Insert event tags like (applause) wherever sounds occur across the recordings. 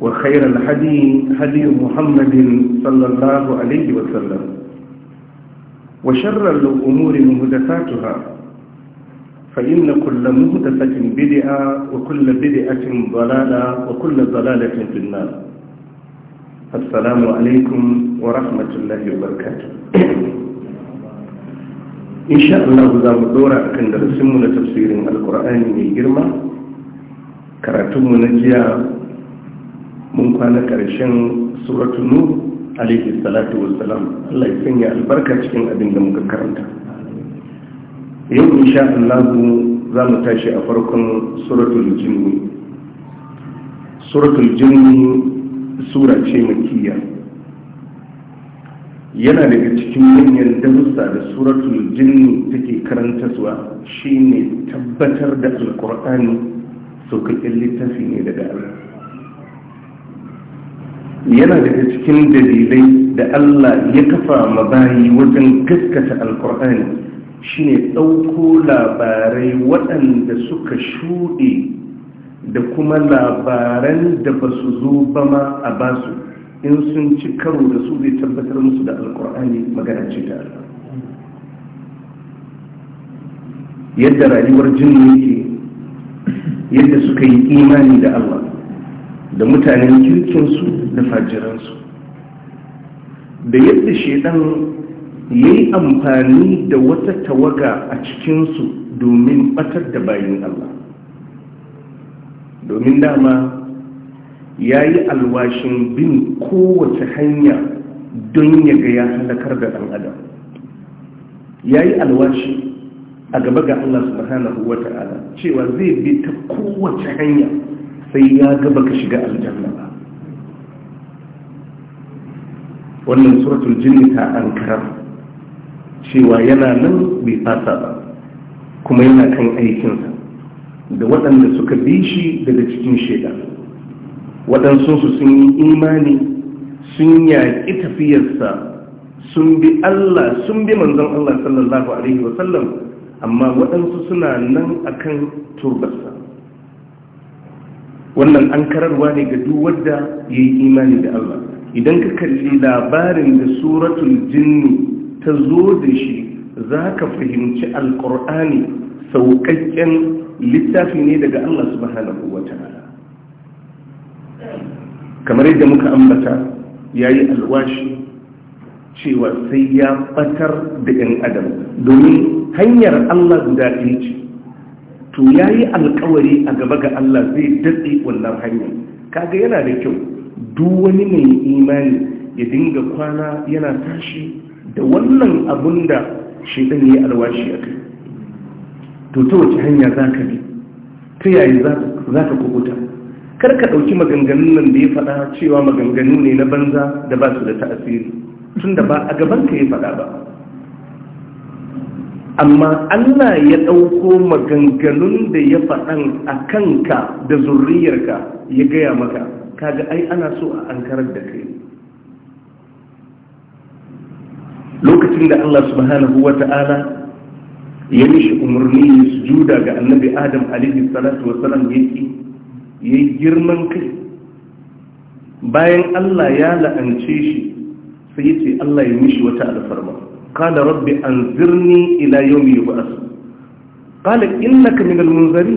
وخير الحدي هدي محمد صلى الله عليه وسلم وشر الأمور مهدفاتها فإن كل مهدفة بدعة وكل بدعة ضلالة وكل ضلالة في النار السلام عليكم ورحمة الله وبركاته إن شاء الله ذا مدورة كندرسمنا تفسير القرآن من جرمة كراتمنا جاء mun kwana ƙarshen suratu nu alaihi salatu wassalam Allah ya sanya albarka cikin abin da muka karanta yau insha Allah za mu tashi a farkon suratu jinni suratu jinni sura ce makiyya yana daga cikin manyan darussa da suratul jinni take karantaswa shine tabbatar da alkur'ani saukakin littafi ne daga Allah yana daga cikin dalilai da Allah ya kafa mabayi wajen gaskata alkur'ani shine ɗauko labarai waɗanda suka shuɗe da kuma labaran da ba su zo ba ma a ba su, in sun ci karo da su zai tabbatar musu da alkur'ani magana ce ta Allah yadda rayuwar jin yake yadda suka yi imani da Allah da mutanen kirkinsu da fajiransu da yadda shaidan ya yi amfani da wata tawaga a cikinsu domin batar da bayan Allah domin dama ya yi alwashin bin kowace hanya don ya ga ya halakar da ɗan adam ya yi alwashi a gaba ga Allah subhanahu wa ta'ala cewa zai bi ta kowace hanya sai ya gaba ka shiga aljanna ba wannan suratul jinni ta an cewa yana nan bai fasa ba kuma yana kan aikinsa da waɗanda suka bi shi daga cikin shaida waɗansu su sun yi imani sun yaƙi tafiyarsa sun bi Allah sun bi manzon Allah sallallahu alaihi sallam amma waɗansu suna nan akan turbarsa wannan an ne ga duk wadda yayi imani da Allah idan ka kalli labarin da suratul jinni ta zo da shi za ka fahimci alkur'ani sauƙaƙƙen littafi ne daga allah subhanahu wa ta'ala kamar yadda muka ambata ya yi alwashi cewa sai ya batar da 'yan adam domin hanyar allah guda ce to ya yi alkawari a gaba ga allah zai daɗe wannan hanyar kaga yana da kyau duk wani mai imani ya dinga kwana yana tashi da wannan abun da shaidan ya yi alwashi a kai to ta wace hanya za ka bi ta yayi za ka kubuta kar ka ɗauki maganganun nan da ya faɗa cewa maganganu ne na banza da ba su da ta'asiri tun da ba a gaban ka ya faɗa ba amma allah ya ɗauko maganganun da ya faɗan a kanka da zurriyarka ya gaya maka kaga ai ana so a ankarar da kai lokacin da Allah subhanahu wa ta'ala ya mishi umarni ya sujuda ga annabi adam alaihi salatu wasalam ya girman kai bayan Allah ya la'ance shi sai ce Allah ya mishi wata alfarma qala rabbi anzirni ila yawmi yub'as qala innaka al munzirin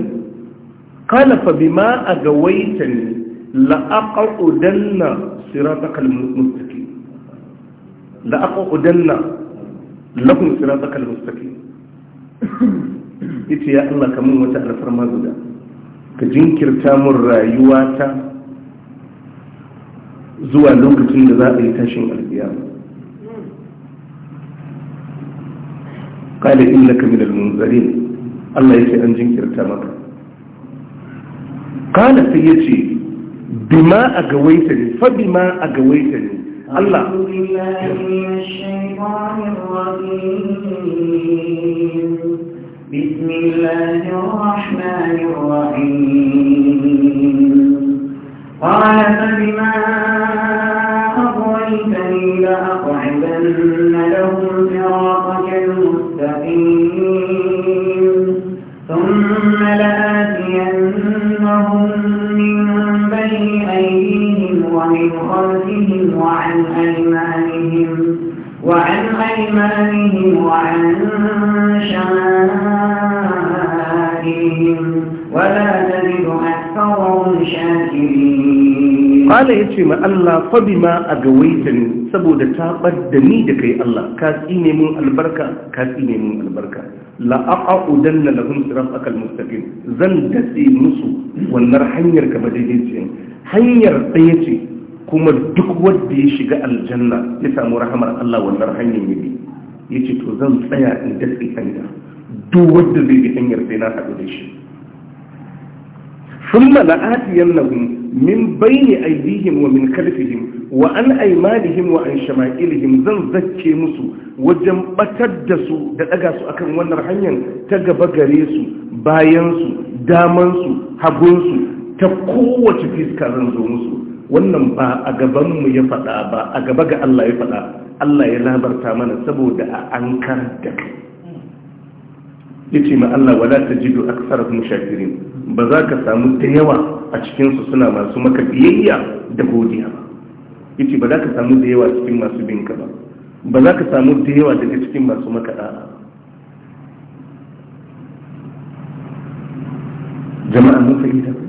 qala fa bima agawaitani la'aƙa'udanna siratakal mustaqim la'aƙa'udanna lahum siratakal mustaqim yace ya Allah kamun wata alfarma guda ka jinkirta mun rayuwata zuwa lokacin da za a yi tashin alƙiyama qala innaka minal munzarin Allah yace an jinkirta maka qala sai ya ce. بما أقويتني فبما أقويتني الله أعوذ بالله من الشيطان الرجيم بسم الله الرحمن الرحيم قال فبما أقويتني لأقعدن لهم صراطك المستقيم ثم لآتينهم من خلفهم وعن أيمانهم وعن أيمانهم وعن شمائلهم ولا تجد أكثرهم شاكرين قال يتي ما الله فبما أغويتني saboda tabar da ni da kai Allah ka tsine mun albarka ka tsine mun albarka la aqudanna lahum siratal mustaqim zan dace musu wannan hanyar ka ba daidai ce hanyar tsaye ce kuma duk wanda ya shiga aljanna ya samu rahamar Allah wannan hanyar ya ce to zan tsaya in dace hanya duk wanda zai bi hanyar sai na haɗu da shi thumma la'atiyannahum min bayni aydihim wa min kalfihim wa an aymanihim wa an shama'ilihim zan zacce musu wajen batar da su da ɗaga su akan wannan hanyar ta gaba gare su bayan su daman su ta kowace fiska zan zo musu wannan ba a gabanmu ya faɗa ba a gaba ga Allah ya faɗa Allah ya labarta mana saboda a an da ya ce ma Allah wala ta jidu a ƙasar mushakirin ba za ka samu da yawa a cikinsu suna masu maka biyayya da godiya ba ya ce ba za ka samu da yawa cikin masu binka ba ba za ka samu da yawa daga cikin masu maka ɗa'a jama'a mun fahimta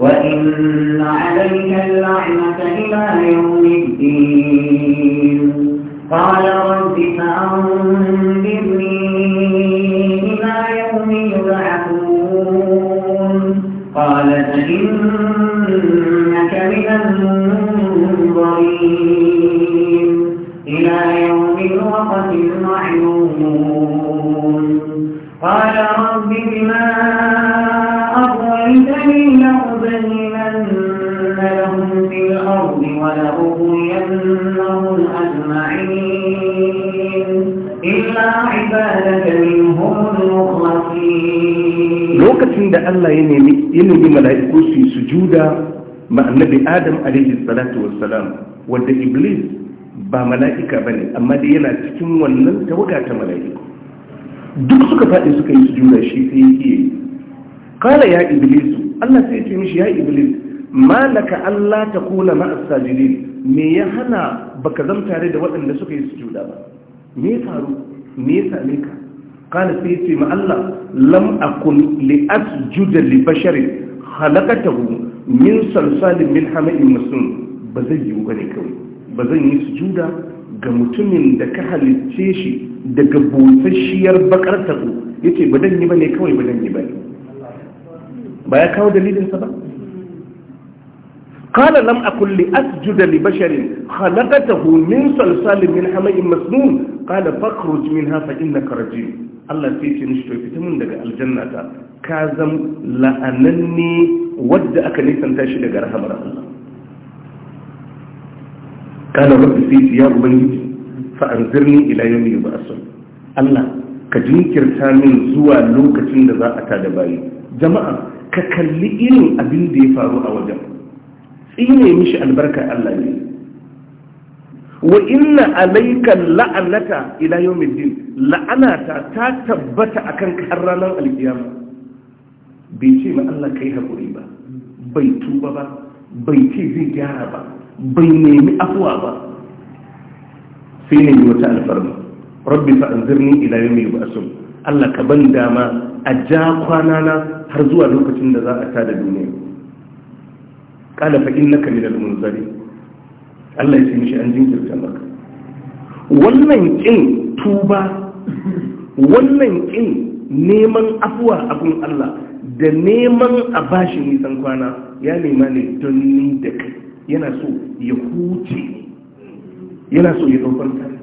وإن عليك اللعنة إلى يوم الدين قال رب فأنذرني إلى يوم يبعثون قال فإنك من المنزلين Allah ya nemi mala'iku su yi sujuda ma annabi Adam alaihi salatu wassalam wanda Iblis ba mala'ika bane amma dai yana cikin wannan tawaga ta mala'iku duk suka faɗi suka yi sujuda shi sai yake yi Kala ya iblis Allah sai ya ce mishi ya iblis malaka Allah ta takuna ma'as sajidin me ya hana baka zama tare da waɗanda suka yi sujuda ba me faru me ya same ka قال سيتي ما الله لم أكن لأسجد لبشر خلقته من صلصال من حماء مسنون بزن يوغني كوي بزن يسجودا ga mutumin da ka halicce shi daga busasshiyar bakar tabo yace badan ni bane kawai badan ni bane ba ya kawo dalilinsa ba قال لم أكن لأسجد لبشر خلقته من صلصال من حماء مسنون قال فاخرج منها فإنك رجيم الله سيتي نشتو يفتمون دقاء الجنة كازم لأنني ود نيسان تاشي دقاء رحمة الله قال رب سيتي يا أبنيتي فأنذرني إلى يوم يبأسون الله كجين كرتامين زوى لوكتين دقاء تادبائي جماعة ka kalli irin abin da ya tsine mishi albarka Allah ne wa inna alayka la'anata ila yawmiddin la'anata ta tabbata akan karranan alkiyama bai ce ma Allah kai hakuri ba bai tuba ba bai ce zai gyara ba bai nemi afuwa ba sai ne wata alfarma rabbi fa anzirni ila yawmi yub'asun Allah ka ban dama a ja kwana na har zuwa lokacin da za a tada duniya kala fa innaka minal munzari Allah ya ce mishi an jinkirta maka wannan kin tuba wannan kin neman afuwa abun Allah da neman a bashi nisan kwana ya nema ne don ni da kai yana so ya huce yana so ya ɗaukar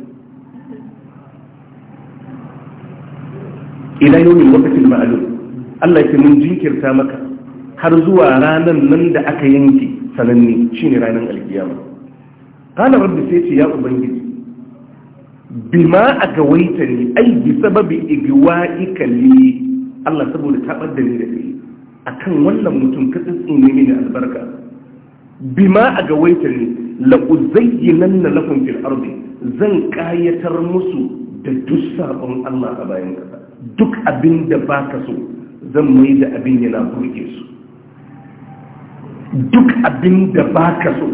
ila yau ne lokacin ma'alum Allah ya ce mun jinkirta maka har zuwa ranar nan da aka yanke shi shine ranar alkiyama kana rabbi sai ce ya ubangiji bima aka waita ni ai bi sababi igwa'ika li Allah saboda tabar da ni da kai akan wannan mutum ka ne mini albarka bima aka waita ni la uzayyinanna lakum fil ardi zan kayatar musu da duk sabon Allah a bayan kasa duk abin da baka so zan mai da abin yana burge su duk abin da ba ka so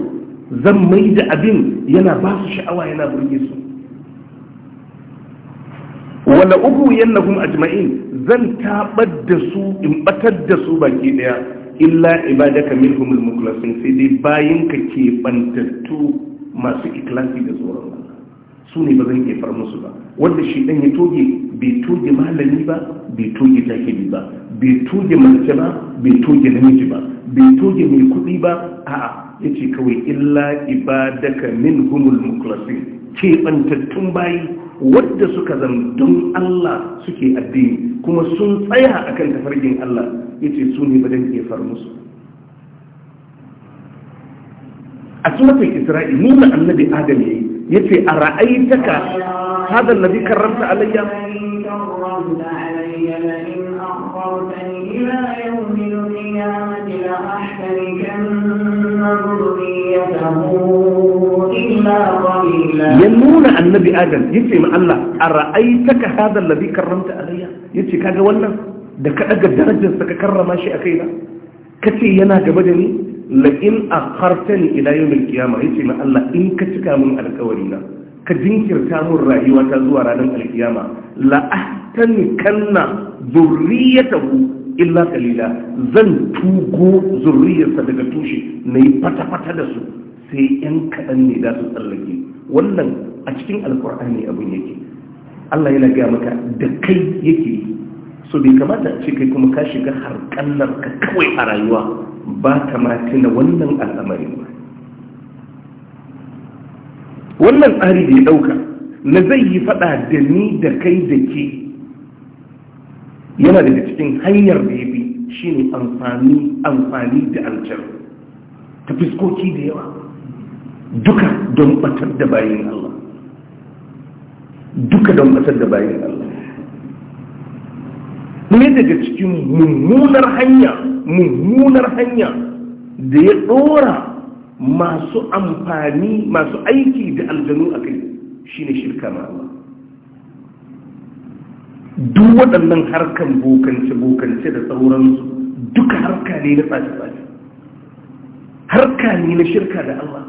zan mai da abin yana ba su sha'awa yana burge su wala uku yannahum ajma'in zan tabar da su in batar da su baki daya illa ibadaka minhum al sai dai bayin ka ke bantattu masu ikhlasi da tsoron su ne ba zan ke far musu ba wanda shi dan ya toge bai toge malami ba bai toge takibi ba bai toge mace ba bai toge namiji ba bai toge mai kudi ba a ya ce kawai illa ibadaka min humul muklasin keɓantattun bayi wadda suka zama Allah suke addini kuma sun tsaya akan tafarkin Allah ya ce su ne badan kefar musu a sunatan isra'i nuna annabi adam ya yi ya ce a ra'aitaka hadar nabi karanta alayya القيامة لأحتركن ذريته إلا قليلا ينون النبي آدم يتي مع الله hada هذا الذي كرمت علي يتي kaga wannan da ka daga darajarsa ka karrama shi a kaina kace yana gaba da ni la'in akhartani ila yawmil kiyama yace ma Allah in ka cika min alƙawari na ka jinkirta mun rayuwa ta zuwa ranar alkiyama la ahtani kanna zurriyatahu illa kalila zan tugo zurriyarsa daga tushe na yi fata-fata da su sai yan kaɗan ne da su tsallake wannan a cikin alkur'ani abin yake allah yana gaya maka da kai yake yi so bai kamata a ce kai kuma ka shiga harƙallar ka kawai a rayuwa ba kamata na wannan al'amarin ba wannan tsari da ya ɗauka na zai yi faɗa da ni da kai da ke yana daga cikin hanyar da ya bi shi ne amfani da aljar ta fiskoki da yawa duka don batar da bayan Allah duka don batar da bayan Allah ne daga cikin mummunar hanya mummunar hanya da ya ɗora masu amfani masu aiki da aljanu a kai shi ne shirka ma Allah duk waɗannan harkan bokance-bokance da sauransu duka harka ne na tsaci-tsaci harka ne na shirka da Allah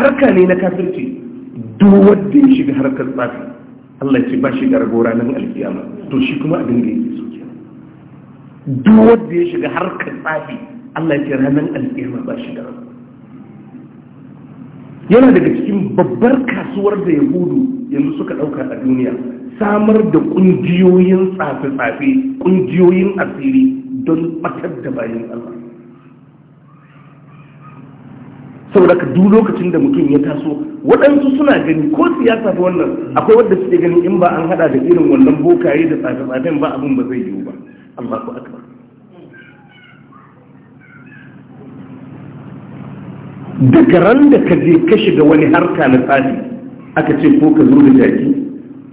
harka ne na kafirci duk wadda ya shiga harkar tsafi Allah ce ba shi ga rago ranar alkiyama to shi kuma abin da yake so ke duk wadda ya shiga harkar tsafi Allah ce ranar alkiyama ba shi ga rago yana daga cikin babbar kasuwar da yahudu yanzu suka ɗauka a duniya samar da ƙungiyoyin tsafe-tsafe ƙungiyoyin asiri don ɓatar da bayan Allah saboda ka duk lokacin da mutum ya taso waɗansu suna gani ko siyasa ta wannan akwai wadda suke gani in ba an hada da irin wannan bokaye da tsafe-tsafen ba abin ba zai yiwu ba ku aka daga ran da ka je ka shiga wani harka na tsari aka ce ko ka zo da jaki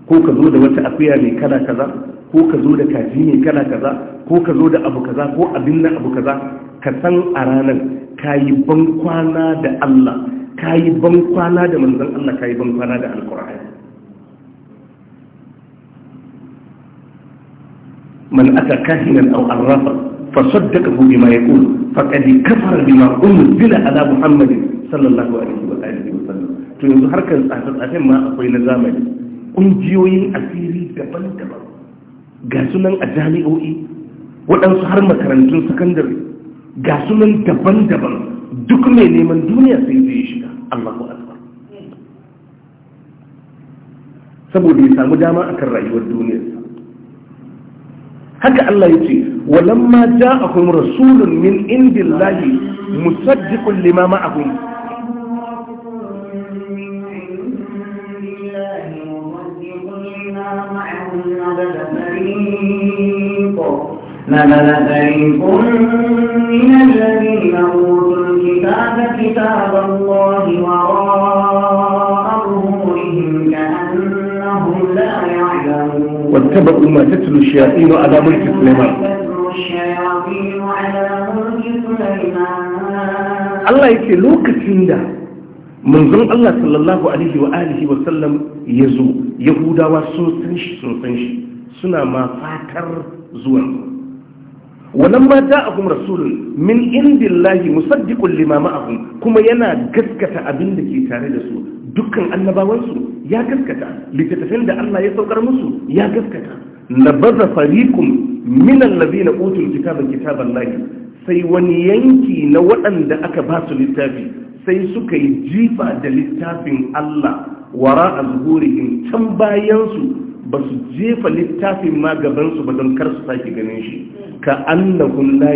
ko ka zo da wata akuya mai kala kaza ko ka zo da kaji mai kala kaza ko ka zo da abu kaza ko abin nan abu kaza ka san a ranar ka yi ban kwana da Allah ka yi ban kwana da manzon Allah ka yi ban kwana da alkur'ani man ata kahinan aw arrafa fa saddaqahu bima yaqul faqad kafara bima unzila ala muhammadin sallallahu alaihi wa alihi wa sallam to yanzu harkar tsafe-tsafen ma akwai na zamani ƙungiyoyin asiri daban-daban ga sunan a jami'o'i waɗansu har makarantun sakandare ga sunan daban-daban duk mai neman duniya sai zai shiga Allahu akbar saboda ya samu dama a kan rayuwar duniyarsa haka Allah ya ce walamma ja'ahum rasulun min indillahi musaddiqun lima ma'ahum نبذ من الذين أوتوا الكتاب كتاب الله وراء ظهورهم كأنهم لا يعلمون واتبعوا ما تتلو الشياطين على ملك سليمان Allah yake lokacin da manzon Allah sallallahu alaihi wa alihi wa sallam ya zo Yahudawa sun san shi sun san shi suna ma fatar zuwansa wannan mata رسول من عند الله مصدق لما معهم كما ينا kuma yana ke tare da su dukkan annabawansu ya gaskata littattafan da Allah ya saukar musu ya gaskata nabaza fariqum min alladhina utul kitaba kitaballahi sai wani yanki na waɗanda aka ba su littafi sai suka yi jifa da littafin Allah wara azhurihim can bayansu ba su jefa littafin ma gabansu ba don kar su sake ganin shi ka annahum la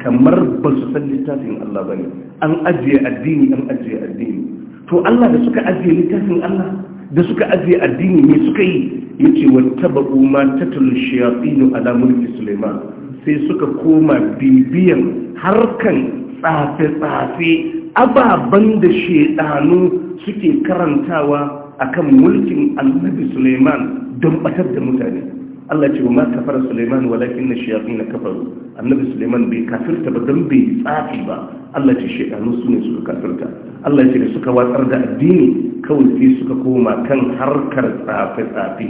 kamar ba su san littafin Allah bane an ajiye addini an ajiye addini to Allah da suka ajiye littafin Allah da suka ajiye addini ne suka yi yace tabu ma tatul shayatin ala mulki Sulaiman sai suka koma bibiyan harkan tsafe-tsafe ababan da shedanu suke karantawa akan mulkin annabi Suleiman don batar da mutane Allah ce wa ma kafara Suleiman walakin na shayatin na kafaru annabi Suleiman bai kafirta ba don bai tsafi ba Allah ce shekaru su ne suka kafirta Allah ce da suka watsar da addini kawai sai suka koma kan harkar tsafe-tsafe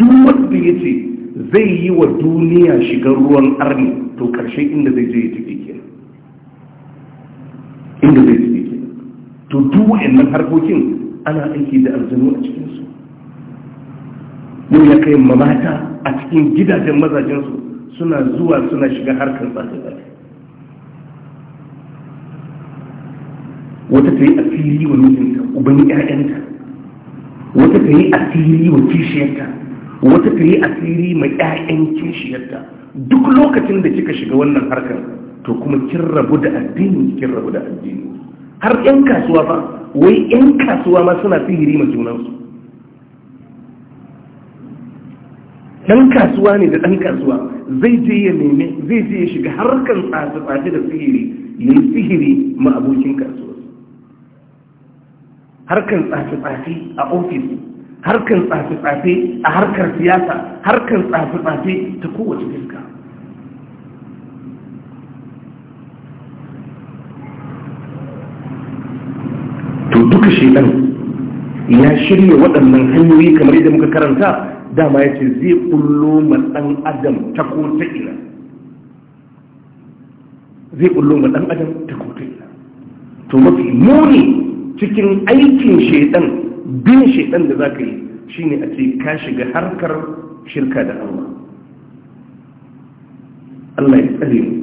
duk wanda ya ce zai yi wa duniya shiga ruwan arni to karshe inda zai je ya tafi kenan inda zai tafi kenan to duk wa'annan harkokin ana aiki da aljanu a cikinsu yau ya kai mamata a cikin gidajen mazajensu suna zuwa suna shiga harkar tsafi-tsafi wata ta yi asiri wa mijinta uban 'ya'yanta wata ta yi asiri wa kishiyarta wata ta yi asiri ma 'ya'yan kishiyarta duk lokacin da kika shiga wannan harkar to kuma kin rabu da addini kin rabu da addini har 'yan kasuwa fa wai 'yan kasuwa ma suna sihiri ma junansu ɗan kasuwa ne da ɗan kasuwa zai je ya neme zai je ya shiga harkan tsafi-tsafi da sihiri ya yi sihiri ma abokin kasuwa harkar tsafi-tsafi a ofis harkar tsafi-tsafi a harkar siyasa harkar tsafi-tsafi ta kowace fuska duka shaidan ya shirya waɗannan hanyoyi kamar yadda muka karanta dama ya ce zai kullo ma ɗan adam ta ko ta ina zai ma ɗan adam ta ko ina to mafi muni cikin aikin shaidan bin shaidan da za ka yi shi ne a ce ka shiga harkar shirka da Allah Allah ya tsare mu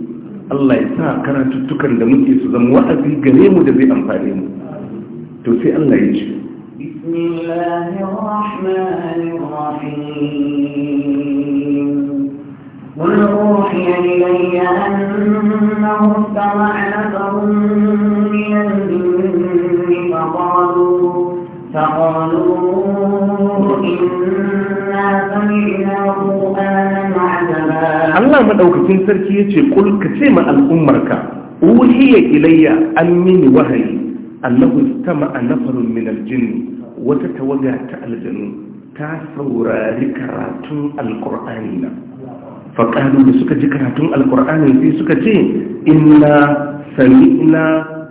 Allah ya sa karatuttukan da muke su zama wa'azi gare mu da zai amfane mu تسي أن نعيش بسم الله الرحمن الرحيم قل أوحي إلي أنه استمع نفر من الجن فقالوا فقالوا إنا سمعنا قرآنا عجبا الله مدعوكتين سركي يجي قل كثيرا الأمركا أوحي إلي أمين وهي annahu a nafarun min jini wata tawaga ta aljanu ta saurari karatun alqur'ani na faƙalu da suka ji karatun alkur'ani sai suka ce inna ina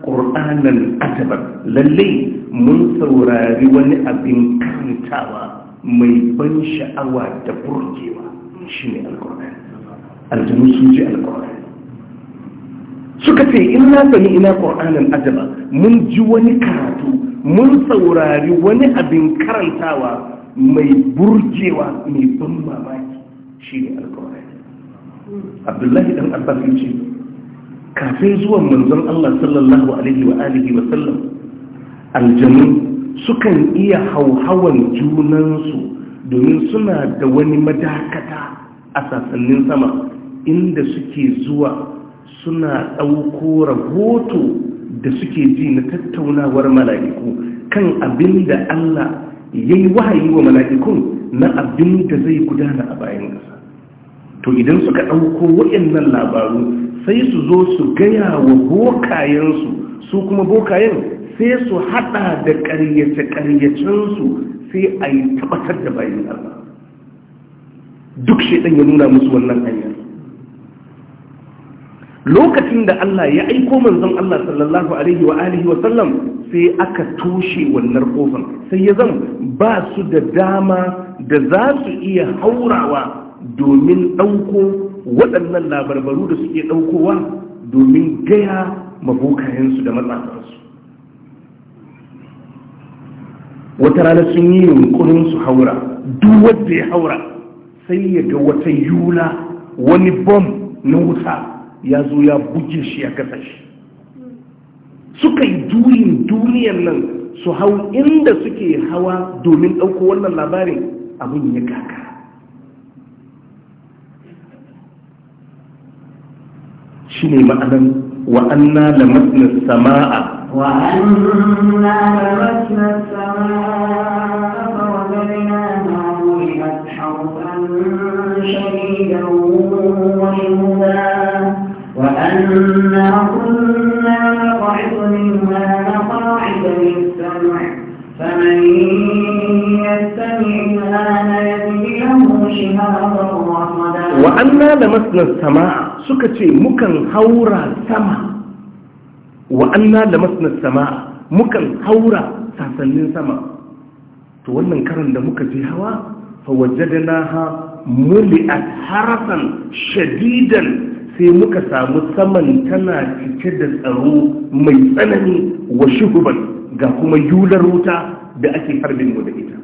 ƙur'anan ajabar lalle mun saurari wani abin kantawa mai ban sha'awa da burgewa shi ne alƙur'ani aljanu sun ji alƙur'ani suka ce in na sami ina ƙor'anin ajaba mun ji wani karatu mun saurari wani abin karantawa mai burgewa mai ban mamaki shi ne abdullahi ɗan abbas ce kafin zuwan manzon allah sallallahu alaihi wa alihi wa sallam aljanu sukan iya hauhawan junansu domin suna da wani madakata a sasannin sama inda suke zuwa suna ɗauko rahoto da suke ji na tattaunawar mala'iku kan abin da Allah ya yi wahayi wa mala'ikun na abin da zai gudana a bayan ƙasa to idan suka ɗauko waɗannan labaru sai su zo su gaya wa bokayensu su kuma bokayen sai su haɗa da ƙaryace-ƙaryacensu sai a yi tabbatar da bayan Allah duk shaɗan ya nuna musu wannan hanya. lokacin da Allah ya aiko manzon Allah sallallahu alaihi wa alihi wa sallam sai aka toshe wannan kofar sai ya zama ba su da dama da za su iya haurawa domin ɗauko waɗannan labarbaru da suke ɗaukowa domin gaya mabokayensu da matsatarsu wata rana sun yi yunkurin su haura duk wadda ya haura sai ya ga wata yula wani bom na wuta ya zo ya buge shi ya kasa shi suka yi duyin duniyar nan su hau inda suke hawa domin ɗauko wannan labarin abin ya kaka shi ne ma'anan wa'anna da matsinar sama'a wa'anna da matsin sama'a ba wa zarina lamasna sama'a suka ce mukan haura sama wa anna lamasna sama'a mukan haura sasannin sama to wannan karin da muka je hawa fa wajadnaha muli'at harasan shadidan sai muka samu saman tana cike da tsaro mai tsanani wa shuhuban ga kuma yular wuta da ake harbin mu da ita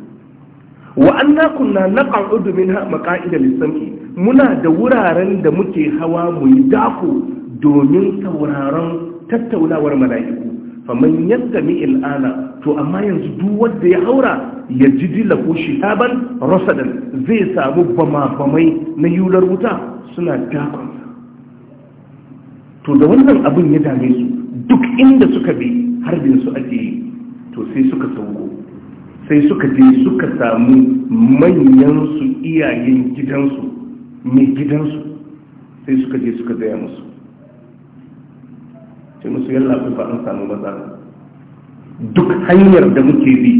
wa anna kunna naq'udu minha maqa'ida lis-sam'i muna da wuraren da muke hawa mu dako domin sauraron tattaunawar mala'iku faman yastami al'ana to amma yanzu duk wanda ya haura ya ji lahu shitaban rasadan zai samu bama bamai na yular wuta suna dakon to da wannan abin ya dame su duk inda suka bi harbin su ake to sai suka sauko sai suka je suka samu manyansu iyayen gidansu mai gidansu sai suka je suka gaya musu Sai musu yalla ba an samu maza duk hanyar da muke bi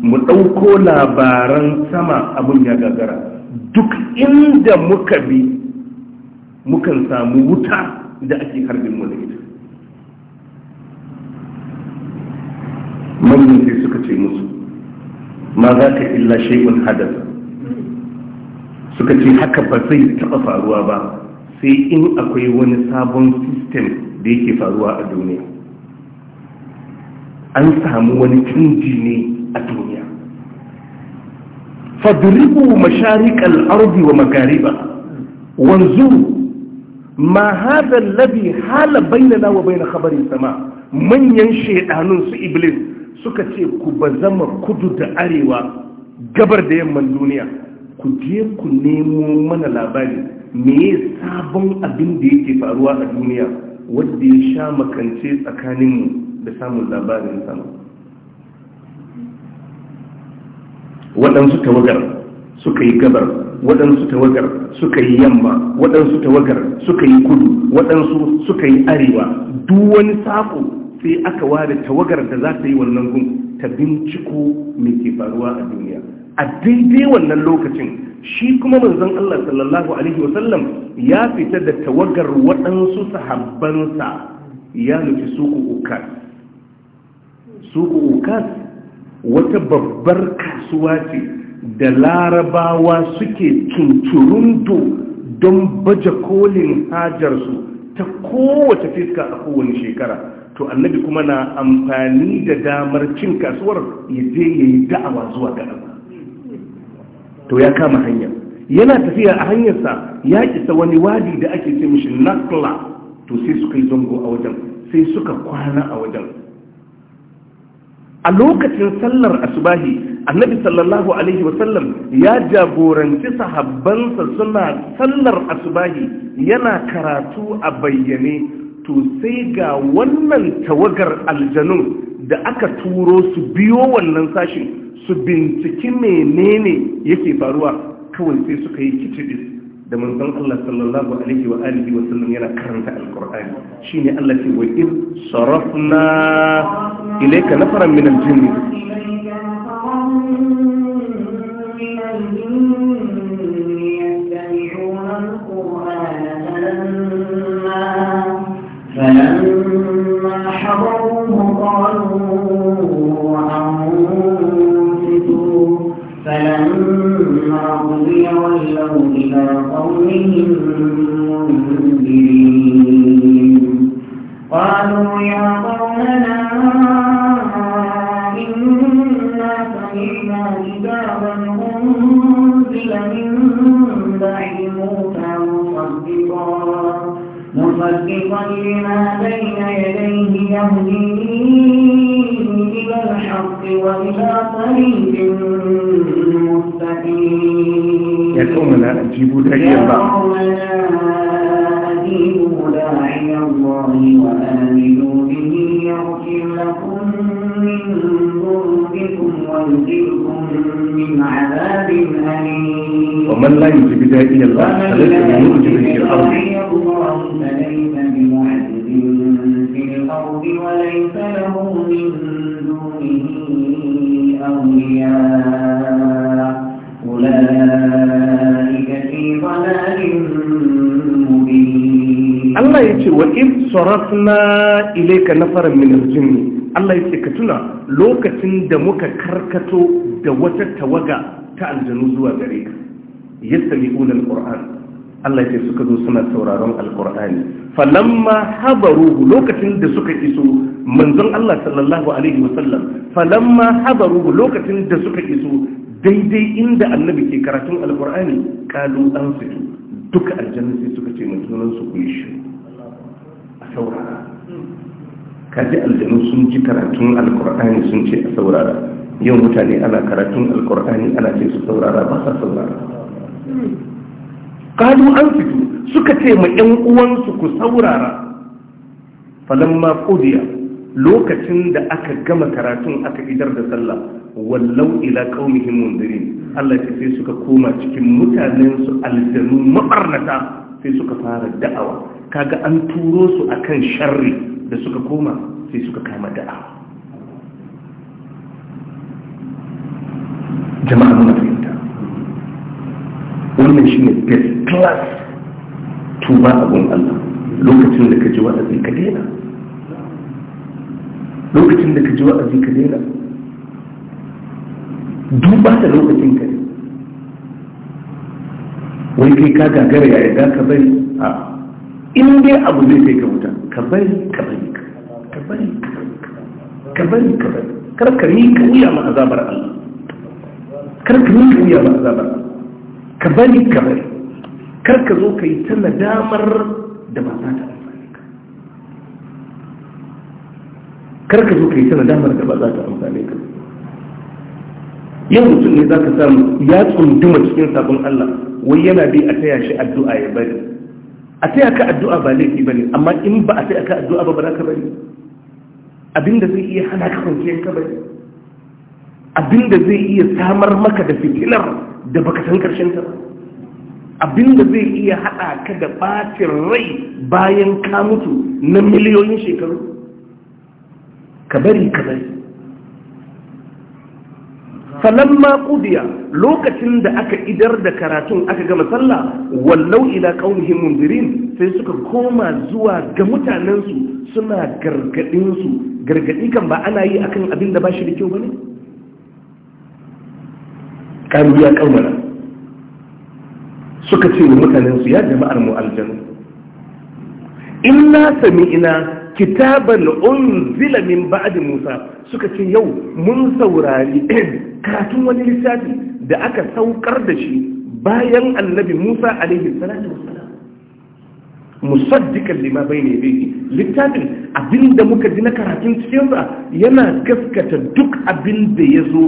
mu ɗauko labaran sama abin ya gagara duk inda muka bi mukan samu wuta da ake harbin mu da ita manyan sai suka ce musu ma za ka illa shay'un hadasa? suka ce haka ba zai taɓa faruwa ba sai in akwai wani sabon sistem da yake faruwa a duniya an samu wani canji ne a duniya fadribu masharikal ardi wa magariba wanzu ma hada alladhi hala bainana wa bain khabari sama manyan shaiɗanun su iblis suka ce ku ba zama kudu da arewa gabar da yamman duniya ku je ku nemo mana labari me sabon abin da yake faruwa a duniya wadda ya sha makance tsakaninmu da samun labarin sama waɗansu tawagar suka yi gabar waɗansu tawagar suka yi yamma waɗansu tawagar suka yi kudu waɗansu suka yi arewa duk wani sako sai aka ware tawagar da za ta yi wannan gun ta binciko mai ke faruwa a duniya a daidai wannan lokacin shi kuma manzon Allah sallallahu alaihi wasallam ya fita da tawagar waɗansu sahabbansa ya nufi suku ukas suku ukas wata babbar kasuwa ce da larabawa suke tunturundu don baje kolin hajarsu ta kowace fiska a kowane shekara to annabi kuma na amfani da damar cin kasuwar ya je ya yi da'awa zuwa ga to ya kama hanya yana tafiya a hanyarsa ya isa wani wadi da ake ce mishi nakla to sai suka yi zango a wajen sai suka kwana a wajen a lokacin sallar asubahi annabi sallallahu alaihi wasallam ya jagoranci sahabbansa suna sallar asubahi yana karatu a bayyane to sai ga wannan tawagar aljanun da aka turo su biyo wannan sashin su binciki menene yake faruwa kawai sai suka yi kicibis da manzon Allah sallallahu alaihi wa alihi wa sallam yana karanta alqur'ani shine Allah ke wa'id sarafna ilayka nafaran min aljinn أرسلناه إلى قومهم منذرين قالوا يا أجيبوا داعي الله أجيبوا داعي الله وآمنوا به يغفر لكم من ذنوبكم ويجركم من عذاب أليم ومن لا يجيب داعي الله فليس بمعجز في الأرض Allah ya ce wa in sarafna ilayka nafaran min al-jinni Allah ya ce ka tuna lokacin da muka karkato da wata tawaga ta aljanu zuwa gare ka yastami'una al-qur'an Allah ya ce suka zo suna sauraron alkur'ani falamma habaru lokacin da suka iso manzon Allah sallallahu alaihi wa sallam falamma habaru lokacin da suka iso daidai inda annabi ke karatun alkur'ani kalu an su duka aljanna sai suka ce mun sunan su ku yi saurara kaji aljanu sun ji karatun alkur'ani sun ce a saurara yau mutane ana karatun alkur'ani ana ce su saurara ba sa saurara kalu an fito suka ce ma 'yan uwansu ku saurara falamma kudiya lokacin da aka gama karatun aka idar da sallah wallau ila qaumihim mundirin Allah ya sai suka koma cikin mutanen su aljanu mabarnata sai suka fara da'awa kaga an turo su akan sharri da suka koma sai suka kama da'a jama'a nuna fahimta wannan shi ne best class tuba abun allah lokacin da ka ji wa'azi ka daina lokacin da ka ji wa'azi ka daina duba da lokacin ka ne wai kai ka gagara yaya za ka bari a in dai abu zai kai ka wuta ka bari ka bari ka bari ka bari ka bari kar ka ni ka wuya ma azabar Allah kar ka ni ka wuya ma azabar ka bari ka bari kar ka zo ka yi ta nadamar da ba za ta amfani ka kar ka zo ka yi ta nadamar da ba za ta ka yau mutum ne za ka samu ya tsunduma cikin sabon Allah wai yana bi a taya shi addu'a ya bari a sai aka addu'a ba laifi ba ne amma in ba a sai aka addu'a ba ba za ka bari abinda zai iya hana ka kwanciyar ka bari abinda zai iya samar maka da fitilar da baka san karshen ta ba abinda zai iya haɗa ka da bacin rai bayan ka mutu na miliyoyin shekaru ka bari ka bari falamma qudiya lokacin da aka idar da karatun aka gama sallah wallau ila qaumihim mundirin sai suka koma zuwa ga mutanen su suna gargadin su gargadi kan ba ana yi akan abin da bashi da kyau bane kan biya kaumana suka ce wa mutanen su ya jama'ar mu aljanna inna sami'na kitaban unzila min ba'di Musa suka ce yau mun saurari (clears throat) karatun wani littafin da aka saukar da shi bayan annabi Musa alaihi salatu wassalam musaddiqan lima bayna yadayhi littafin abinda muka ji na karatun cikin sa yana gaskata duk abin abinda yazo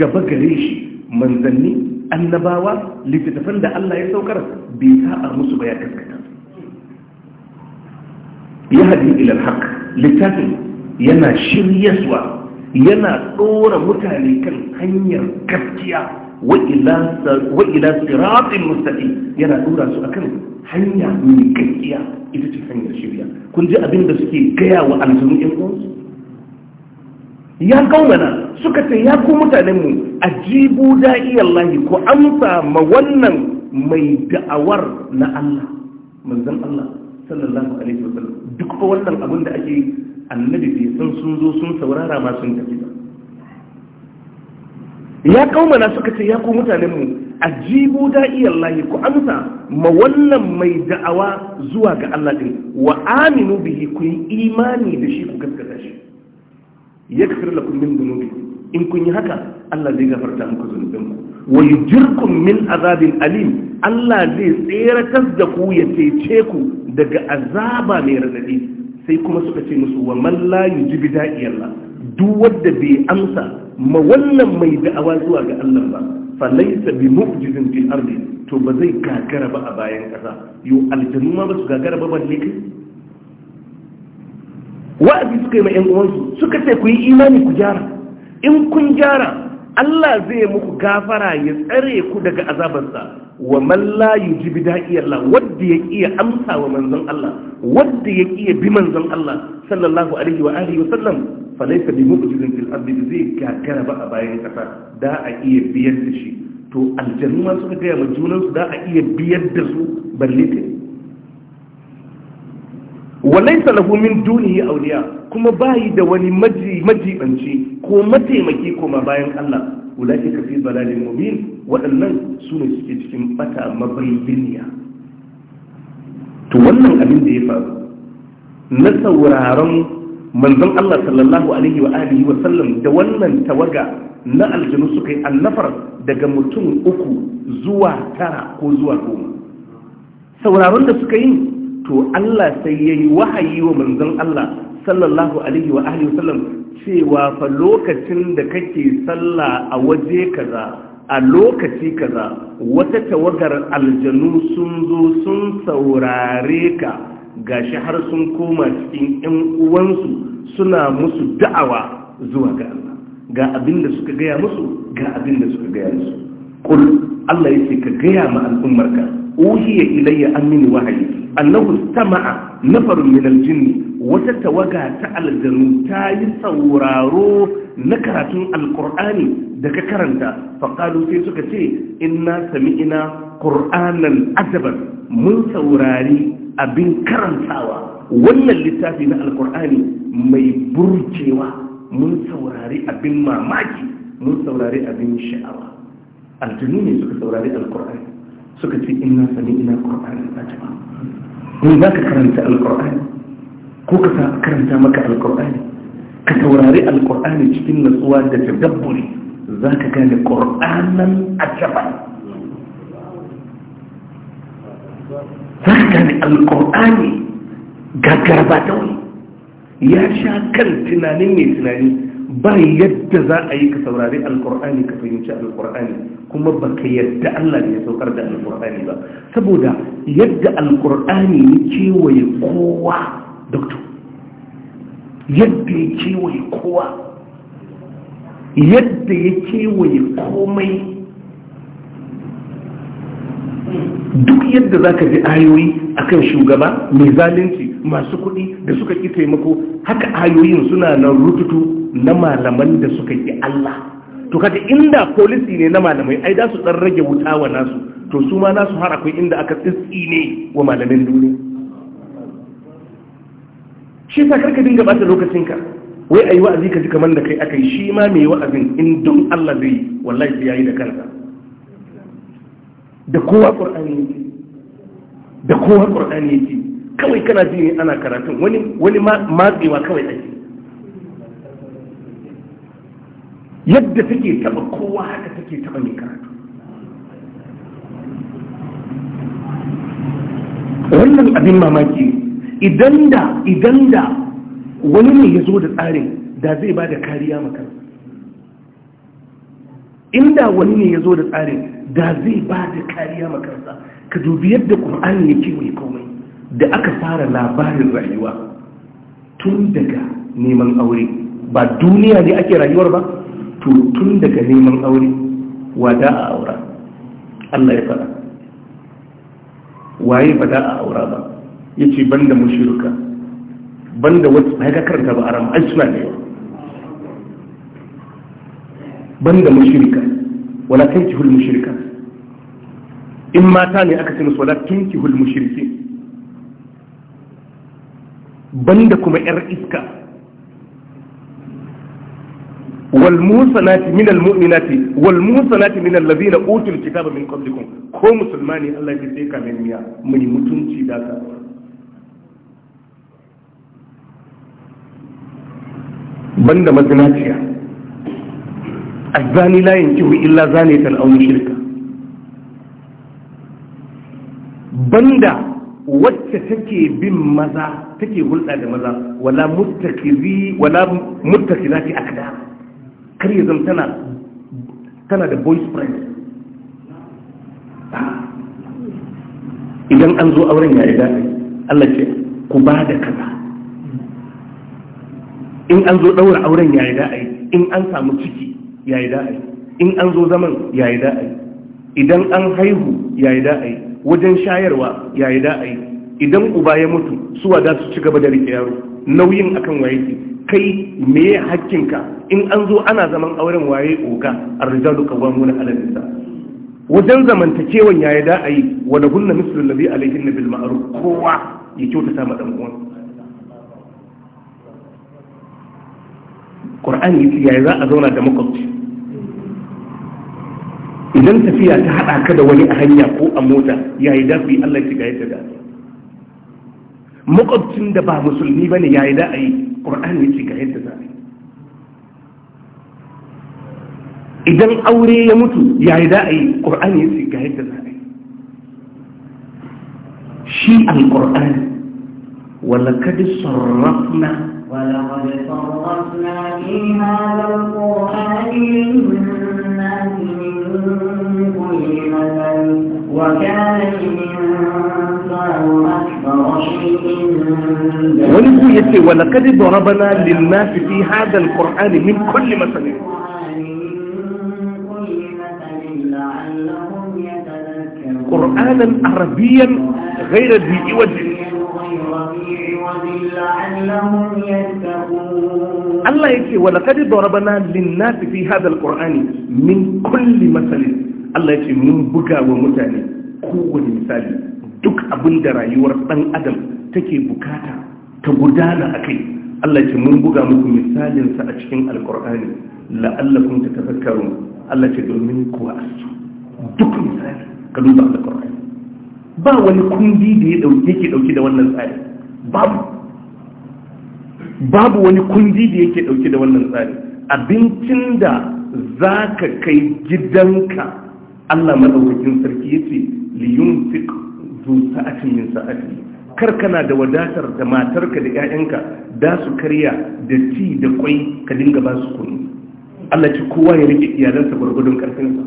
gaba gare shi manzanni annabawa littattafan da Allah ya saukar bai ta musu ba ya gaskata yahdi ilal alhaq littafin yana shiryaswa yana dora mutane kan hanyar gaskiya wa ila siratin mustaqim yana dora su akan hanya mai gaskiya ita ce hanyar shirya kun ji abin da suke gaya wa aljanu ɗin uwansu ya kaunana suka ce ya ku mutanenmu a jibu da'iyallahi ku amsa ma wannan mai da'awar na Allah manzon Allah sallallahu alaihi wasallam duk wannan abin da ake annabi bai san sun zo sun saurara ma sun tafi ba ya kauma na suka ce ya ku mutanen mutanenmu ajibu layi ku amsa ma wannan mai da'awa zuwa ga Allah din wa aminu bihi ku imani da shi ku gaskata shi yakfir lakum min dunubi in kun yi haka Allah zai gafarta muku zunubanku wajirkun min azabin alim Allah zai tseratar da ku ya cece ku daga azaba mai radadi sai kuma suka ce musu wa man la yujibi Allah duk wanda bai amsa ma wannan mai da'awa zuwa ga Allah ba fa laysa bi mu'jizin fil ardi to ba zai gagara ba a bayan kasa yo aljannu ma ba su gagara ba balle kai wa'azi suka yi ma yan uwansu suka ce ku yi imani ku gyara in kun gyara Allah zai muku gafara ya tsare ku daga azabarsa, wa malla yaji bi da'i Allah wanda ya iya amsa wa manzon Allah wanda ya iya bi manzon Allah sallallahu alaihi wa alihi wa sallam fa laysa bi mu'jizin fil ardi zai gagara ba a bayan kasa da a iya biyar da shi to aljannu ma suka ga ma junan su da a iya biyar da su balle walaysa lahu min dunihi awliya kuma yi da wani maji ko mataimaki ko bayan Allah ulaki ka fi balalin mubin waɗannan su ne suke cikin bata mabayyaniya to wannan abin da ya faru na sauraron manzon Allah sallallahu alaihi wa alihi wa sallam da wannan tawaga na aljinu suka yi annafar daga mutum uku zuwa tara ko zuwa goma sauraron da suka yi to Allah sai ya yi wahayi wa manzon Allah sallallahu alaihi wa alihi wasallam cewa fa lokacin da kake sallah a waje kaza a lokaci kaza wata tawagar aljanu sun zo sun saurare ka gashi har sun koma cikin ƴan uwansu suna musu da'awa zuwa ga Allah ga abin da suka gaya musu ga abin da suka gaya musu kul Allah yake ka gaya ma al'ummarka uhiya ilayya an mini wahayi annahu na nafarun min aljinni wata tawaga ta aljanu ta yi sauraro na karatun alqur'ani da ka karanta faqalu sai suka ce in na sami ina qur'anan ajaban mun saurari abin karantawa wannan littafi na alqur'ani mai burcewa mun saurari abin mamaki mun saurari abin sha'awa aljanu ne suka saurari alqur'ani suka ce ina sami ina ƙwararren ajiyar ne za ka karanta alƙwararren ko ka karanta maka alƙwararren ka taurari alƙwararren cikin nasuwa da ta tadabburi za ka gane a ajiyar za ka gane alƙwararren gagarba da wani ya sha kan tunanin mai tunani ba yadda za a yi ka saurari alkur'ani ka fahimci alkur'ani kuma ba ka yadda Allah ne ya saukar da alkur'ani ba saboda yadda alkur'ani ya kewaye kowa doktor yadda ya kewaye kowa yadda ya kewaye komai duk yadda za ka ji ayoyi kan shugaba mai zalunci masu kuɗi da suka ƙi taimako haka ayoyin suna nan rututu na malaman da suka yi Allah to kaga inda policy ne na malamai ai da su dan rage wuta wa nasu to su ma nasu har akwai inda aka tsitsi ne wa malamin dole. shi sa karka dinga bata lokacinka wai ayi wa'azi ka ji kamar da kai akai shi ma mai wa'azin in don Allah zai wallahi sai yayi da kansa da kowa qur'ani yake da kowa qur'ani yake kawai kana ji ne ana karatun wani wani matsewa kawai ake yadda take taba kowa haka take taba mai karatu wannan abin mamaki idan da idan da wani ne ya zo da tsarin da zai ba da kariya makar inda wani ne ya zo da tsarin da zai ba da kariya makarsa ka dubi yadda ƙur'ani ya mai komai da aka fara labarin rayuwa tun daga neman aure ba duniya ne ake rayuwar ba to tun daga neman aure wada a aura Allah ya fara waye ba da a aura ba ya ce ban da mushiruka ban da wata haka karanta ba a rama. an suna da yawa ban da mushirika wala ki hul mushirika in mata ne aka ce musu wala ki hul mushiriki ban da kuma yar iska wal musanati min al mu'minati wal musanati min allazina utul kitaba min qablikum ko musulmani Allah ya sai ka miya mai mutunci da ka banda mazinaciya azani la yankihu illa zaniyatan aw mushrika banda wacce take bin maza take hulɗa da maza wala muttakizi wala kar tana tana da boys friend idan an zo auren ya yi daɗi, Allah ce ku ba da kaza in an zo daura auren ya yi daɗi, in an samu ciki ya yi daɗi, in an zo zaman ya yi daɗi, idan an haihu ya yi daɗi, wajen shayarwa ya yi daɗi, idan uba ya mutu suwa za su ci gaba da rike yaro nauyin akan waye kai me hakkinka in an zo ana zaman auren waye oga ka qawwamuna 'ala alaminsa. wajen zamantakewan yaya da a yi wani gunna mislu labi alaihin na bil ma'aru kowa ya kyautata ma dan uwan qur'ani yace yaya za a zauna da makwabci idan tafiya ta hada ka da wani a hanya ko a mota yaya da ku Allah ya shiga ya da makwabcin da ba musulmi ba ne ya yi da'ayi ƙur'ani ya ce ga yadda za a yi idan aure ya mutu ya yi da'ayi ƙur'ani ya ce ga yadda za a yi shi alƙur'ani walakad sarrafna ولقد صرفنا في هذا القرآن للناس من كل مثل وكان من ولقد ضربنا للناس في هذا القرآن من كل مثل قرآنا عربيا غير ذي عوج الله يكفي ولقد ضربنا للناس في هذا القرآن من كل مثل الله يكفي من بكى ومتاني kowane misali duk abin da rayuwar ɗan adam take bukata ta gudana a kai Allah ce mun buga muku misalinsa a cikin alkur'ani la'allakun ta tafakkaru Allah ce domin kuwa asu duk misali ka duba alkur'ani ba wani kundi da ya dauke ke dauke da wannan tsari babu babu wani kundi da yake dauke da wannan tsari abincin da za ka kai gidanka Allah madaukakin sarki yace liyunfik zu sa'atin min sa'ati kar kana da wadatar da matarka da ƴaƴanka da su karya da ci da kwai ka dinga ba su kunu Allah ci kowa ya rike iyalansa gurgudun karfinsa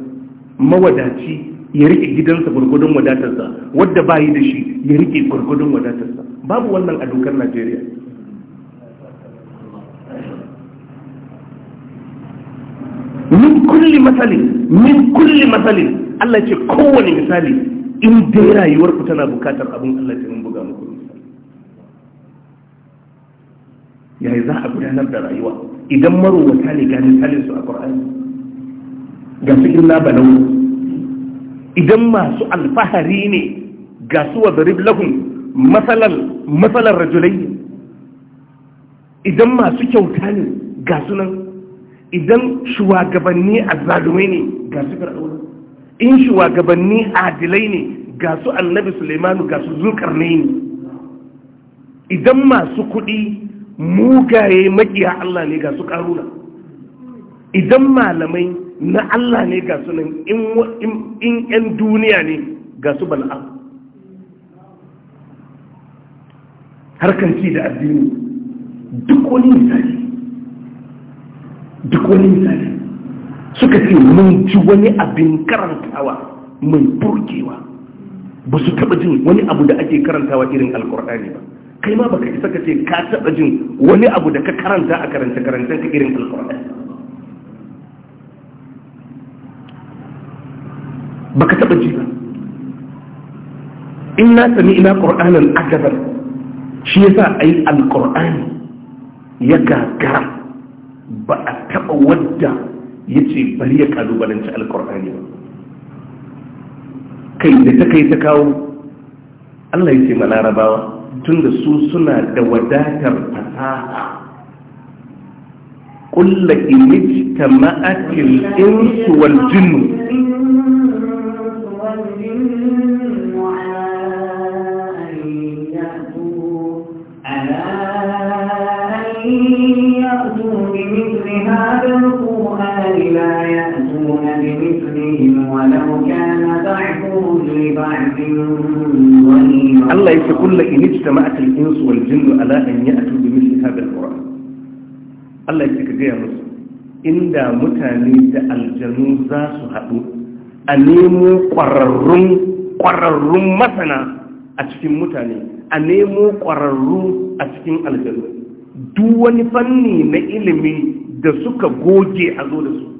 mawadaci ya rike gidansa gurgudun wadatarsa wadda ba yi da shi ya rike gurgudun wadatarsa babu wannan a dokar najeriya min kulli matsalin min kulli matsalin allah ce kowane misali in dai rayuwar ku tana bukatar abin Allah sai mun buga muku ya yi za a gudanar da rayuwa idan marowata tali gani misalin su a Qur'ani ga su illa balau idan masu alfahari ne ga su wa zarif lahum matsalar rajulai idan masu kyauta ne ga sunan idan shugabanni zalumai ne ga su fir'auna in shugabanni adilai ne ga su annabi suleimanu ga su ne idan masu kuɗi mugaye makiya Allah ne ga su karuna idan malamai na Allah ne ga su nan in 'yan duniya ne ga su bal'am harkar ci da addini duk wani misali duk wani misali suka ce mun ci wani abin karantawa mai burgewa ba su taɓa jin wani abu da ake karantawa irin alkur'ani ba kai ma baka isa ka ce ka taɓa jin wani abu da ka karanta a karanta karantar ka irin alkur'ani baka taɓa ji ba in na sami ina ƙur'anin ajabar shi yasa a yi alkur'ani ya gagara ba a taɓa wadda ya ce bari ya kalubalanci alkur'ani ba kai da ta kai ta kawo allah ya ce ma larabawa tun da su suna da wadatar fasaha kulla ta ma'akin insu wal jinnu ce kullu in ijtama'at al-insu wal jinnu ala an ya'tu bi mithli hadha al-qur'an Allah ya ce musu inda mutane da aljanu za su haɗu a nemo ƙwararrun masana a cikin mutane a nemo ƙwararru a cikin aljanu duk wani fanni na ilimi da suka goge a zo da su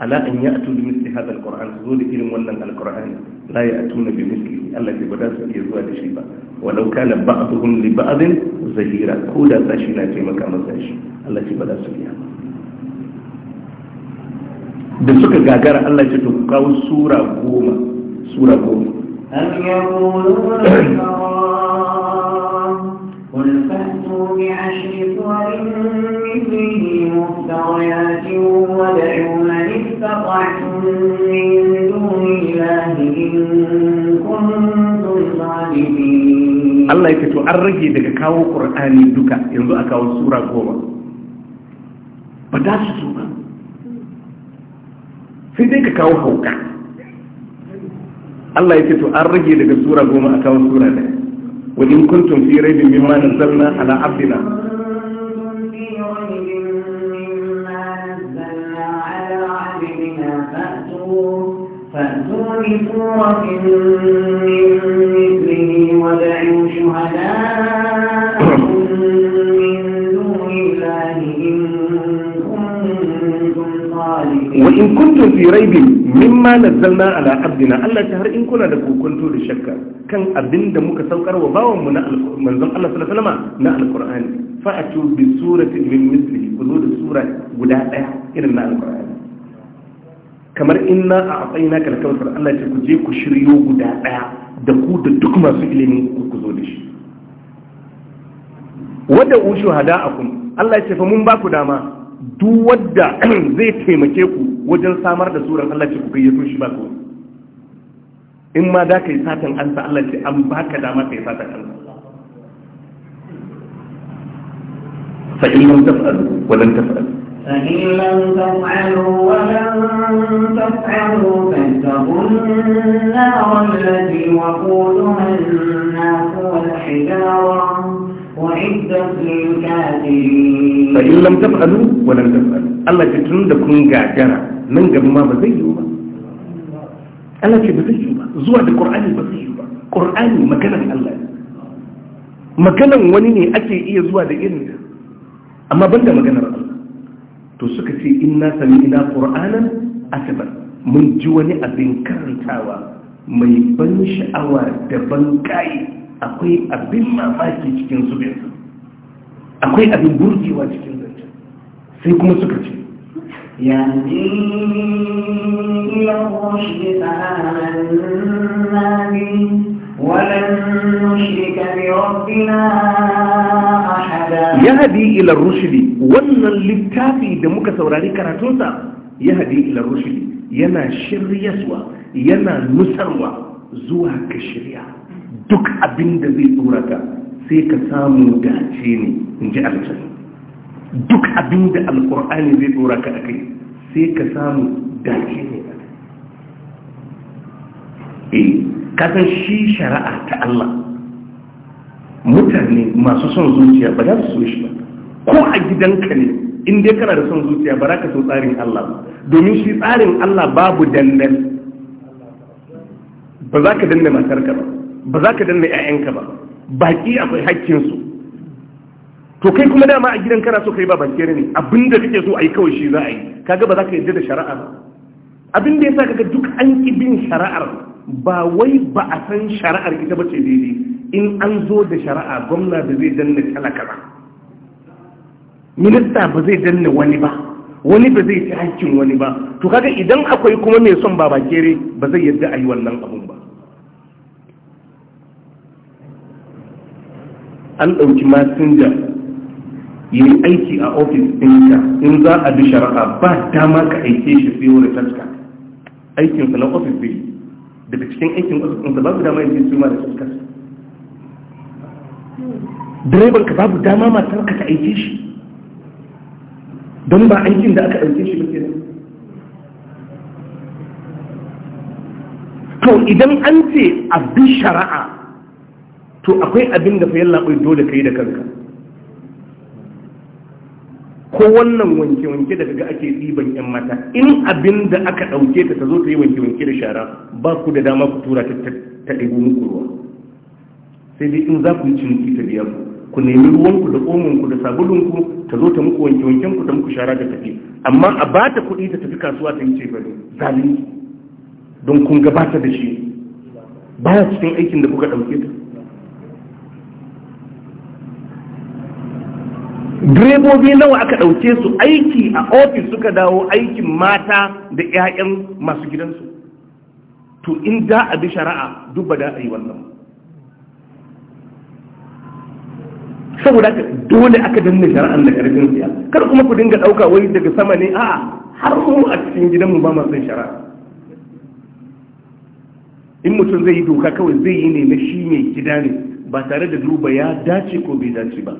ala an ya atu da misli hada alkur'an su zo da irin wannan alkur'an la ya atu na bi misli Allah ce ba za su iya zuwa da shi ba walau kana ba'dhum li ba'adin zahira ko da sashi na taimaka masa shi Allah ce ba za su iya da suka gagara Allah ce to kawo sura goma sura goma an yaquluna قل فأتوا بعشر صور مثله مفتريات وادعوا من استطعتم من دون الله إن كنتم ya fito an rage daga kawo Qur'ani duka yanzu a kawo sura goma ba da su so ba sai dai ka kawo hauka Allah ya fito an rage daga sura goma a kawo sura ɗaya وإن كنتم في ريب مما نزلنا على عبدنا فأتوا بسورة من مثله وادعوا شهداءكم من دون الله إن كنتم صادقين وإن كنتم في ريب mimma nazzalna ala abdina Allah ta har in kuna da kokonto da shakka kan abinda muka saukar wa bawan mu na manzon Allah sallallahu alaihi wasallam na alqur'ani fa atu bi surati min mithlihi ku zo da sura guda daya irin na alqur'ani kamar inna a'tayna kal kawthar Allah ce ku je ku shiryo guda daya da ku da duk masu ilimi ku zo da shi wadda ushu hada'akum Allah ya ce fa mun ba ku dama duk wadda (clears throat) zai taimake ku wajen samar da suran Allah ce ku kai gayyato shi ba ku in ma da kai satan an sa Allah ce an baka dama kai satan Allah fa in lam taf'al wa lan taf'al فإن لم تفعلوا ولن تفعلوا فاتقوا النار التي وقودها الناس والحجارة وعدت للكافرين فإن لم تفعلوا ولن تفعلوا الله تتنون دكم قاعدنا nan gaba ma ba zai yiwu ba Allah ce ba zai yiwu ba zuwa da Qur'ani ba zai yiwu ba Qur'ani maganan Allah ne maganan wani ne ake iya zuwa da irin amma banda maganar Allah to suka ce inna sami'na qur'anan ajaban mun ji wani abin karantawa mai ban sha'awa da ban kai akwai abin mamaki cikin zubin akwai abin burgewa cikin zancen sai kuma suka ce يهدي إلى الرشد ولن نشرك بربنا أحدا للكافي دمك سوراني كراتونسا يهدي إلى الرشد ينا شر يسوى ينا نسروى زوها كشريعة دك abin da zai سيك سامو داتيني samu dace duk abin da alkur'ani zai dora ka kai, sai ka samu dace ne a eh san shi shari'a ta Allah mutane masu son zuciya ba za su so shi ba ko a gidanka ne in dai kana da son zuciya ba za ka so tsarin Allah ba domin shi tsarin Allah babu dandan ba za ka danna matarka ba ba za ka danna 'ya'yanka ba baki akwai su. to kai kuma dama a gidan kana so kai ba bankere ne abinda kake so ai kawai shi za a yi kaga ba za ka yarda da shari'a ba abin da yasa kaga duk an ki bin shari'ar ba wai ba a san shari'ar ita ba ce daidai in an zo da shari'a gwamna da zai danna talaka ba minista ba zai danna wani ba wani ba zai ci hakkin wani ba to kaga idan akwai kuma mai son ba bakere ba zai yarda a yi wannan abun ba an ɗauki masinja yi aiki a ofis ɗinka in za a bi shari'a ba dama ka aike shi sai wani taska aikinsa na ofis bai daga cikin aikin ofis ba babu dama ya su ma da taska direban ka babu dama matar ka ta aike shi don ba aikin da aka aike shi ba kenan to idan an ce a bi shari'a to akwai abin da fa yalla dole kai da kanka ko wannan wanke-wanke da kaga ake ɗiban 'yan mata in abin da aka ɗauke ta ta zo ta yi wanke-wanke da shara ba ku da dama ku tura ta ta ɗigo muku ruwa sai dai in za ku yi ciniki ta biya ku ku nemi ruwanku da omanku da sabulunku ta zo ta muku wanke-wanken ku ta muku shara da tafi amma a ba ta kuɗi ta tafi kasuwa ta yi ce bari zalunci don kun gabata da shi baya cikin aikin da kuka ɗauke ta direbobi nawa aka ɗauke su aiki a ofis suka dawo aikin mata da 'ya'yan masu gidansu to in za a bi shari'a duk da a yi wannan saboda ka dole aka danne shari'an da karfin siya kar kuma ku dinga ɗauka wai daga sama ne a'a har mu a cikin gidanmu ba ma son shari'a in mutum zai yi doka kawai zai yi ne na shi ne gida ne ba tare da duba ya dace ko bai dace ba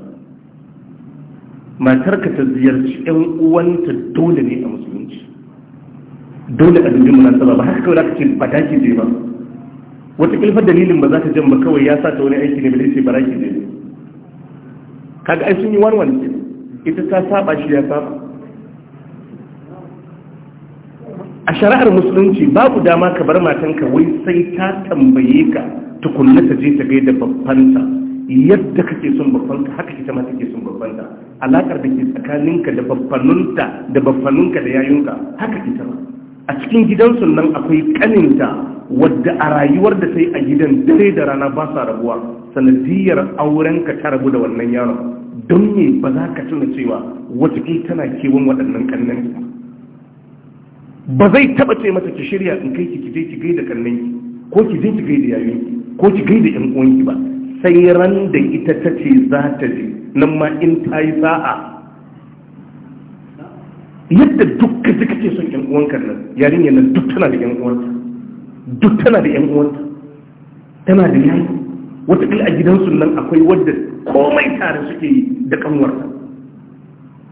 Matar ka ta ziyarci yan uwanta dole ne a musulunci dole a dubi munasaba ba haka kawai zaka ce ba daki je ba wata kilfa dalilin ba za ta jan ba kawai ya sa ta wani aiki ne ba zai ce ba daki je kaga ai sun yi wani wani ita ta saba shi ya saba a shari'ar musulunci babu dama ka bar matanka wai sai ta tambaye ka tukunna ta je ta gaida babbanta yadda kake son babbanka haka ita ma take son babbanta alakar da ke tsakaninka da babbanunta da babbanunka da yayunka haka ita ma a cikin gidansu nan akwai kaninta wadda a rayuwar da sai a gidan dare da rana ba sa rabuwa sanadiyar aurenka ta rabu da wannan yaron don me ba za ka tuna cewa wata tana kewan waɗannan kannanki ba zai taɓa ce mata ki shirya in kai ki je ki gaida kannanki ko ki je ki gaida yayinki ko ki gaida yan uwanki ba sai ran da ita ta ce za ta je nan ma in ta yi za'a yadda duk duka ce son yan uwanka nan yarinya nan duk tana da yan uwanta duk tana da yan uwanta tana da yayi wataƙila a gidansu nan akwai wadda komai tare suke yi da kanwarta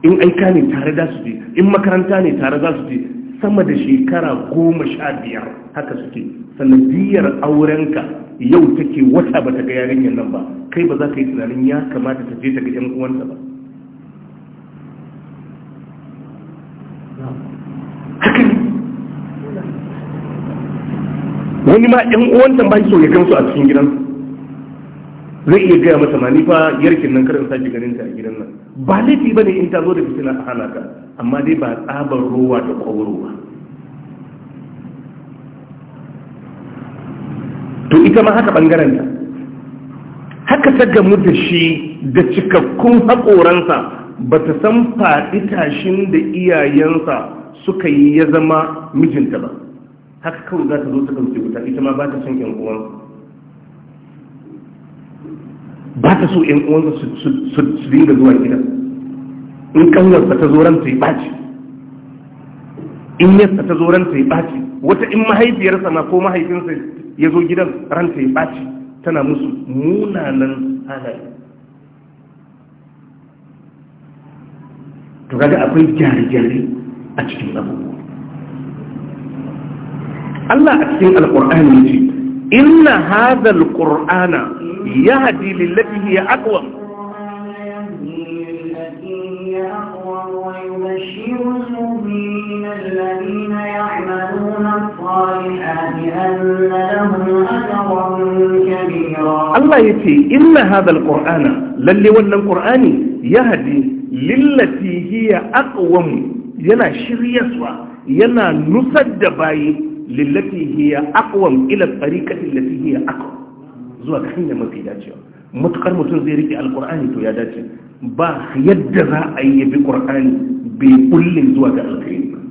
in aika ne tare za su je in makaranta ne tare za su je sama da shekara goma sha biyar haka suke yi sanadiyar aurenka yau take wata ba ta ga yarinyar nan ba kai ba za ka yi tunanin ya kamata ta je ta ga yan uwanta ba wani ma yan uwanta ba so ya gansu a cikin gidansu zai iya gaya mata ma fa yarkin nan karin sake ganin ta a gidan nan ba laifi ba ne in ta zo da fitina a hana ka amma dai ba tsabar ruwa da kwaurowa ba to ita ma haka bangaren ta haka ta gamu da shi da cikakkun haƙoransa ba ta san faɗi tashin da iyayensa suka yi ya zama mijinta ba haka kawai za ta zo ta kauce wuta ita ma ba ta son ƴan uwansa ba ta so ƴan uwansa su dinga zuwa gida in kanwarsa ta zo ran ta yi ɓaci in yasta ta zo ranta ya ɓaci wata in mahaifiyarsa na ko mahaifinsa ya zo gidan ranta ya ɓaci tana musu munanan halaye to kaga akwai gyare-gyare a cikin abubuwa Allah a cikin alƙur'ani ce inna hadal qur'ana yahdi lillati hiya aqwam ويبشر الذين يعملون الصالحات أن لهم أجرا كبيرا الله يتي إن هذا القرآن للي ولا القرآن يهدي للتي هي أقوم ينا شريسوا ينا نسد باي للتي هي أقوم إلى الطريقة التي هي أقوم زوا كحين ما في داتيو متقر متن زي ريكي القرآن تو يا داتيو با يدرا أي بقرآن بكل زوا كالخير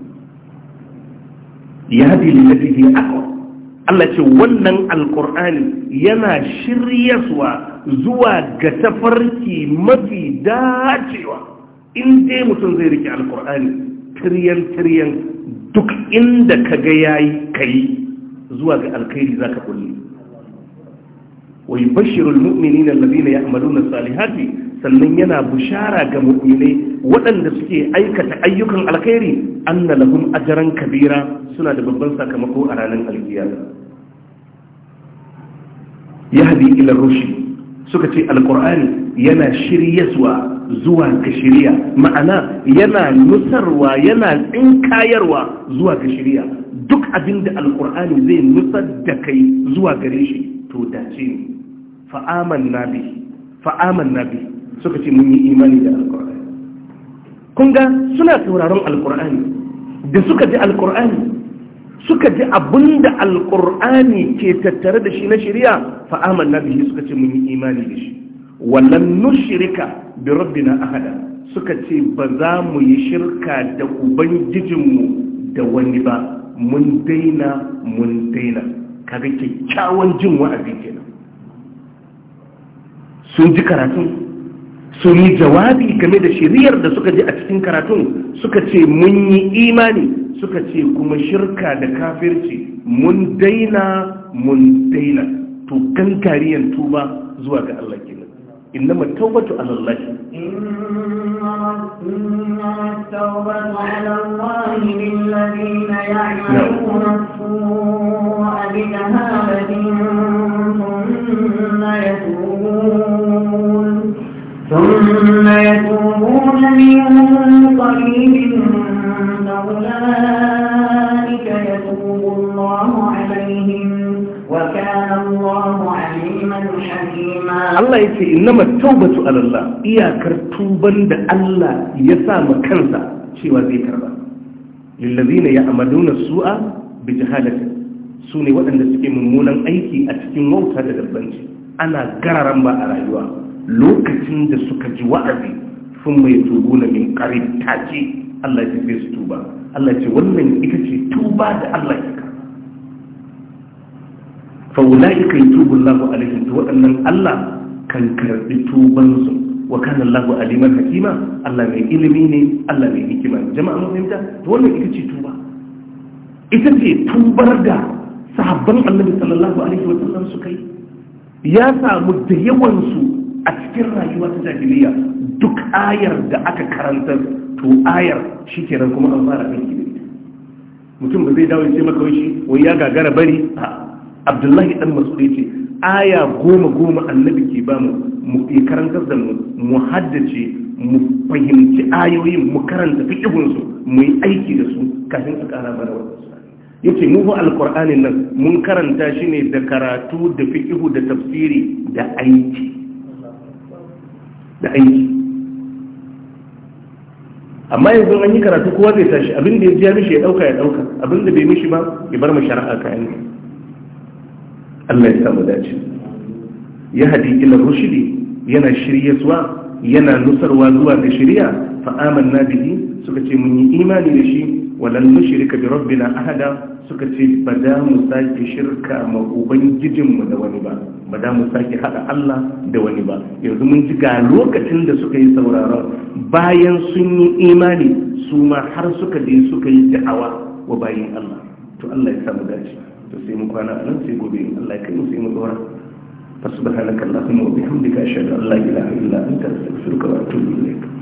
yahdi lillati hi aqwa Allah ce wannan alkur'ani yana shiryaswa zuwa ga tafarki mafi dacewa in dai mutum zai rike alkur'ani tiryan tiryan duk inda ka ga yayi kai zuwa ga alkhairi zaka kulle wa yubashshirul mu'minina alladhina ya'maluna salihati sannan yana bushara ga mu'minai waɗanda suke aikata ayyukan alkhairi anna lahum ajran kabira suna da babban sakamako a ranar alkiyama yahdi ila rushi suka ce alqur'ani yana shiryaswa zuwa ga shiriya ma'ana yana nusarwa yana tsinkayarwa zuwa ga duk abinda da zai nusar da kai zuwa gare shi to dace ne fa'aman nabi fa'aman nabi suka ce mun yi imani da alkur'ani kun ga suna sauraron alkur'ani da suka ji alkur'ani suka ji abin da alkur'ani ke tattare da shi na shirya fa'aman na bihi suka ce mun yi imani da shi wallan nushirika bi rabbina ahada suka ce ba za mu yi shirka da ubangijinmu da wani ba mun daina mun daina kaga kyakkyawan jin wa'azi kenan sun ji karatun sun yi jawabi game da shiriyar da suka ji a cikin karatun suka ce mun yi imani suka ce kuma shirka da kafirci mun daina mun daina to kankariyan tuba zuwa ga Allah kenan innama tawbatu ala Allah innama tawbatu ala Allah أولئك يتوب الله عليهم وكان الله عليما حكيما الله يتي إنما التوبة على الله إياك توبا دا الله يسام كنسا شيء وذكر للذين يعملون السوء بجهالة سوني وأن سكي ممونا أيكي أتكي موتا تدبنشي أنا قررا ما أرايوا لوكتين دا سكجي وعدي ثم يتوبون من قريب تاجي Allah ya ce su tuba Allah ya ce wannan ita ce tuba da Allah ya ka fa ulaika yatubu Allahu alaihim ta waɗannan Allah kan karɓi tubansu. su wa kana Allahu aliman hakima Allah mai ilimi ne Allah mai hikima jama'a mun fahimta to wannan ita ce tuba ita ce tubar da sahabban Annabi sallallahu alaihi wa sallam suka yi ya samu da yawansu a cikin rayuwa ta jahiliya duk ayar da aka karantar to ayar shi kenan kuma an fara aiki da ita mutum ba zai dawo ce maka shi wai ya gagara bari a abdullahi dan masu ce aya goma goma annabi ke ba mu mu karantar da mu mu haddace mu fahimci ayoyi mu karanta fiqhunsu mu yi aiki da su kafin su kara bara wannan ya ce muhu alkur'anin nan mun karanta shi ne da karatu da fi da tafsiri da da aiki amma yanzu an yi karatu kowa zai tashi abin da ya biya mishi ya dauka ya dauka abin da bai mishi ba ya bar mu shari'a yanzu. Allah ya samu dace ya hadi ila rushdi yana shiryaswa yana nusarwa zuwa ga shari'a fa amanna bihi suka ce mun yi imani da shi walan nushrika bi rabbina ahada suka ce ba za mu sake shirka ma ubangijinmu da wani ba ba za mu sake haɗa Allah da wani ba yanzu mun ji ga lokacin da suka yi sauraron bayan sun yi imani su ma har suka je suka yi da'awa wa bayin Allah to Allah ya samu dace to sai mu kwana a nan sai gobe Allah ya kai mu sai mu dora فسبحانك اللهم وبحمدك أشهد أن لا إله إلا أنت أستغفرك وأتوب إليك